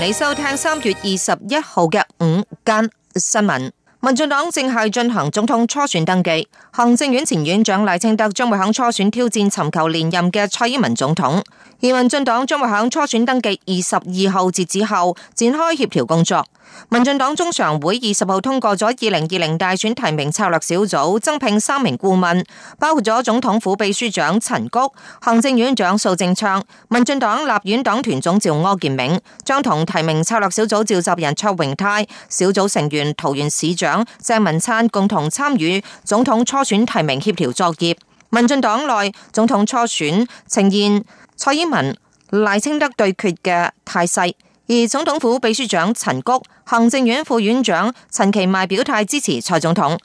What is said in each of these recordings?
你收聽三月二十一號嘅午間新聞。民進黨正係進行總統初選登記，行政院前院長賴清德將會喺初選挑戰尋求連任嘅蔡英文總統。而民進黨將會喺初選登記二十二號截止後展開協調工作。民進黨中常會二十號通過咗二零二零大選提名策略小組增聘三名顧問，包括咗總統府秘書長陳菊、行政院長蘇貞昌、民進黨立院黨團總召柯建銘，將同提名策略小組召集人卓榮泰、小組成員桃園市長。鄭文燦共同參與總統初選提名協調作業，民進黨內總統初選呈現蔡英文、賴清德對決嘅態勢，而總統府秘書長陳菊、行政院副院長陳其邁表態支持蔡總統。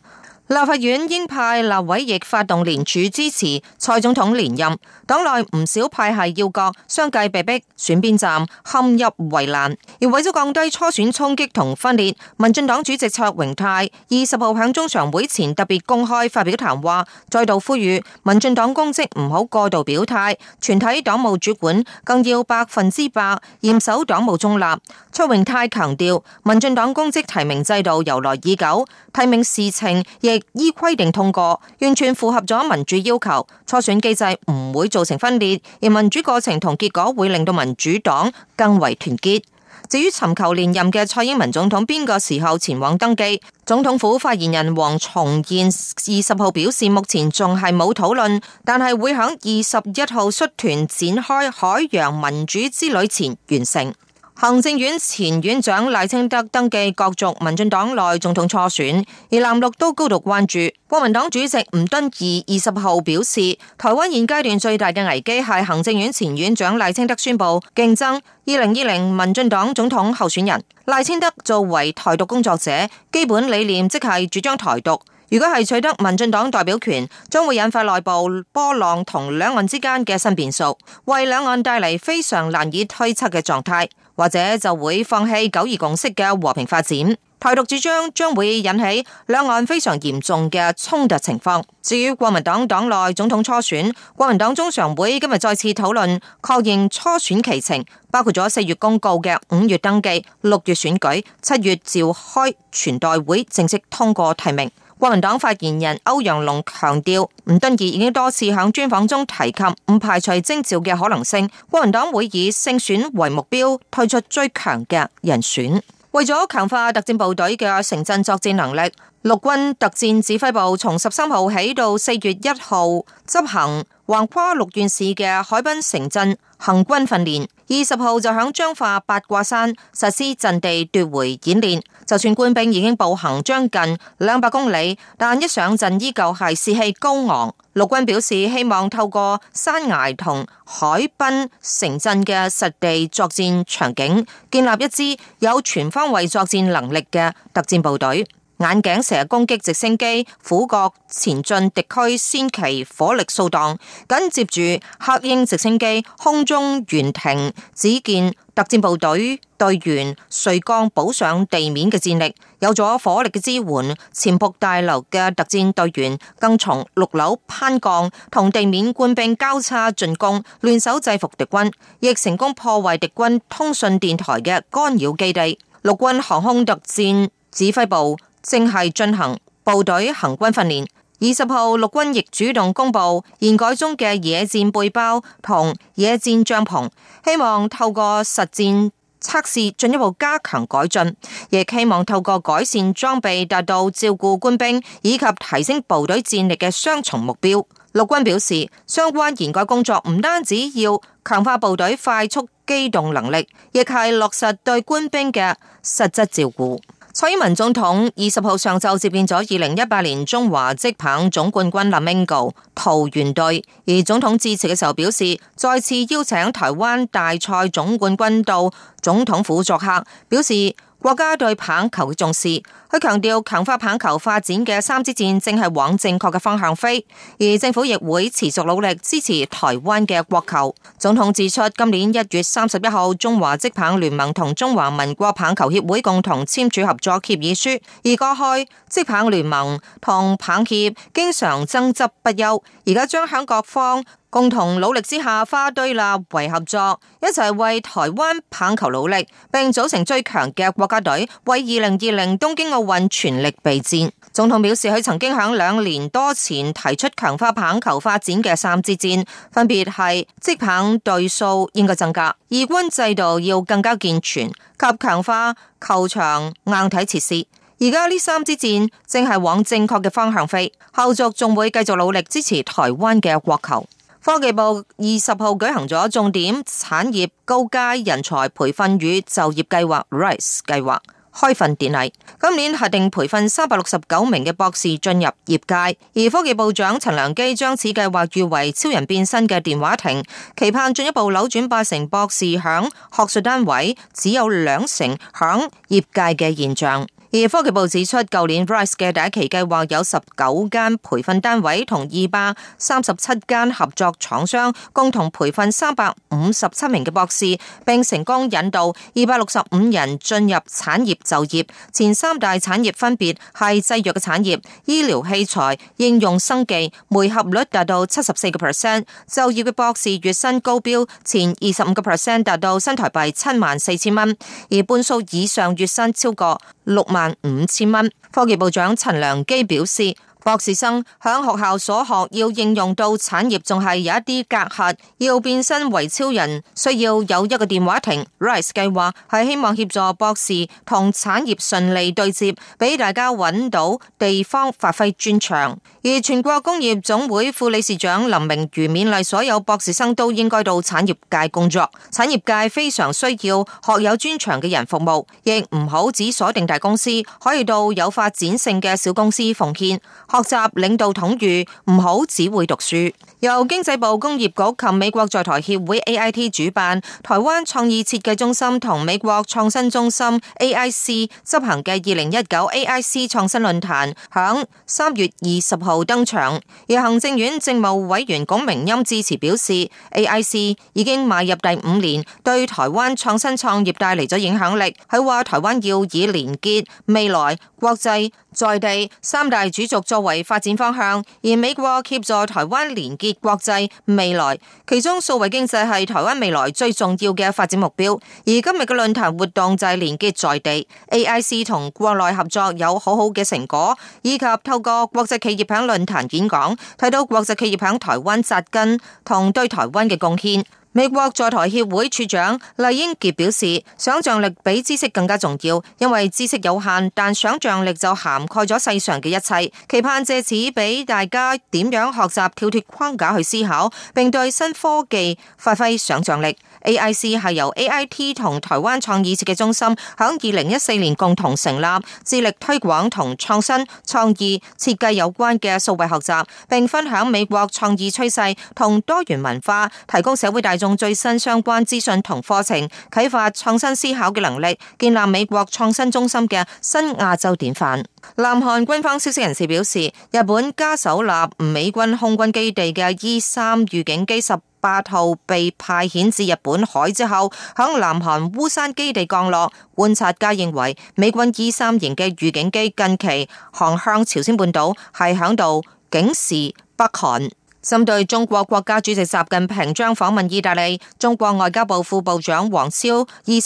立法院英派立委亦發動聯署支持蔡總統連任，黨內唔少派系要角相繼被逼選邊站，陷入為難。而為咗降低初選衝擊同分裂，民進黨主席卓榮泰二十號喺中常會前特別公開發表談話，再度呼籲民進黨公職唔好過度表態，全體黨務主管更要百分之百嚴守黨務中立。卓榮泰強調，民進黨公職提名制度由來已久，提名事情亦。依規定通過，完全符合咗民主要求，初選機制唔會造成分裂，而民主過程同結果會令到民主黨更為團結。至於尋求連任嘅蔡英文總統，邊個時候前往登記？總統府發言人黃重諺二十號表示，目前仲係冇討論，但係會喺二十一號率團展開海洋民主之旅前完成。行政院前院長賴清德登記角逐民進黨內總統初選，而藍綠都高度關注。國民黨主席吳敦義二十號表示，台灣現階段最大嘅危機係行政院前院長賴清德宣布競爭二零二零民進黨總統候選人。賴清德作為台獨工作者，基本理念即係主張台獨。如果係取得民進黨代表權，將會引發內部波浪同兩岸之間嘅新變數，為兩岸帶嚟非常難以推測嘅狀態。或者就會放棄九二共識嘅和平發展，台獨主張將會引起兩岸非常嚴重嘅衝突情況。至於國民黨黨內總統初選，國民黨中常會今日再次討論，確認初選期程，包括咗四月公告嘅五月登記、六月選舉、七月召開全代會正式通過提名。國民黨發言人歐陽龍強調，吳敦義已經多次喺專訪中提及，唔排除徵召嘅可能性。國民黨會以勝選為目標，推出最強嘅人選。為咗強化特戰部隊嘅城鎮作戰能力，陸軍特戰指揮部從十三號起到四月一號執行橫跨六縣市嘅海濱城鎮行軍訓練，二十號就喺彰化八卦山實施陣地奪回演練。就算官兵已經步行將近兩百公里，但一上陣依舊係士氣高昂。陸軍表示希望透過山崖同海濱城鎮嘅實地作戰場景，建立一支有全方位作戰能力嘅特戰部隊。眼鏡蛇攻擊直升機，俯角前進敵區，先期火力掃蕩，緊接住黑鷹直升機空中懸停，只見特戰部隊隊員垂降補上地面嘅戰力，有咗火力嘅支援，潛伏大樓嘅特戰隊員更從六樓攀降，同地面官兵交叉進攻，聯手制服敵軍，亦成功破壞敵軍通訊電台嘅干擾基地。陸軍航空特戰指揮部，正係進行部隊行軍訓練。二十號，陸軍亦主動公布研改中嘅野戰背包同野戰帳篷，希望透過實戰測試進一步加強改進，亦希望透過改善裝備達到照顧官兵以及提升部隊戰力嘅雙重目標。陸軍表示，相關研改工作唔單止要強化部隊快速機動能力，亦係落實對官兵嘅實質照顧。蔡英文總統二十號上晝接見咗二零一八年中華職棒總冠軍 Lamigo 桃園隊，而總統致辭嘅時候表示，再次邀請台灣大賽總冠軍到總統府作客，表示國家對棒球嘅重視，佢強調強化棒球發展嘅三支箭正係往正確嘅方向飛，而政府亦會持續努力支持台灣嘅國球。總統指出，今年一月三十一號，中華職棒聯盟同中華民國棒球協會共同簽署合作協議書，而過去職棒聯盟同棒協經常爭執不休，而家將響各方。共同努力之下，花堆立為合作，一齊為台灣棒球努力，並組成最強嘅國家隊，為二零二零東京奧運全力備戰。總統表示，佢曾經響兩年多前提出強化棒球發展嘅三支箭，分別係職棒隊數應該增加，二軍制度要更加健全，及強化球場硬體設施。而家呢三支箭正係往正確嘅方向飛，後續仲會繼續努力支持台灣嘅國球。科技部二十號舉行咗重點產業高階人才培訓與就業計劃 （RICE） 計劃開訓典禮。今年核定培訓三百六十九名嘅博士進入業界，而科技部長陳良基將此計劃譽為超人變身嘅電話亭，期盼進一步扭轉八成博士響學術單位，只有兩成響業界嘅現象。而科技部指出，舊年 RISE 嘅第一期計劃有十九間培訓單位同二百三十七間合作廠商共同培訓三百五十七名嘅博士，並成功引導二百六十五人進入產業就業。前三大產業分別係製藥嘅產業、醫療器材、應用生技，媒合率達到七十四個 percent。就業嘅博士月薪高標，前二十五個 percent 達到新台幣七萬四千蚊，而半數以上月薪超過六萬。五千蚊。科技部長陳良基表示，博士生響學校所學，要應用到產業，仲係有一啲隔閡。要變身為超人，需要有一個電話亭。Rice 計劃係希望協助博士同產業順利對接，俾大家揾到地方發揮專長。而全國工業總會副理事長林明儒勉勵所有博士生都應該到產業界工作，產業界非常需要學有專長嘅人服務，亦唔好只鎖定大公司，可以到有發展性嘅小公司奉獻，學習領導統御，唔好只會讀書。由經濟部工業局及美國在台協會 AIT 主辦，台灣創意設計中心同美國創新中心 AIC 執行嘅二零一九 AIC 創新論壇，響三月二十號露登場，而行政院政務委員龔明鑫致辭表示，AIC 已經邁入第五年，對台灣創新創業帶嚟咗影響力。佢話台灣要以連結未來、國際在地三大主軸作為發展方向，而美國協助台灣連結國際未來，其中數位經濟係台灣未來最重要嘅發展目標。而今日嘅論壇活動就係連結在地，AIC 同國內合作有好好嘅成果，以及透過國際企業響。論壇演講，提到國際企業喺台灣扎根同對台灣嘅貢獻。美國在台協會處長麗英傑表示，想象力比知識更加重要，因為知識有限，但想象力就涵蓋咗世上嘅一切。期盼借此俾大家點樣學習跳脫框架去思考，並對新科技發揮想象力。AIC 係由 AIT 同台灣創意設計中心響二零一四年共同成立，致力推廣同創新創意設計有關嘅數位學習，並分享美國創意趨勢同多元文化，提供社會大眾。用最新相關資訊同課程啟發創新思考嘅能力，建立美國創新中心嘅新亞洲典範。南韓軍方消息人士表示，日本嘉手納美軍空軍基地嘅 E 三預警機十八號被派遣至日本海之後，響南韓烏山基地降落。觀察家認為，美軍 E 三型嘅預警機近期航向朝鮮半島，係響度警示北韓。針對中國國家主席習近平將訪問意大利，中國外交部副部長黃超20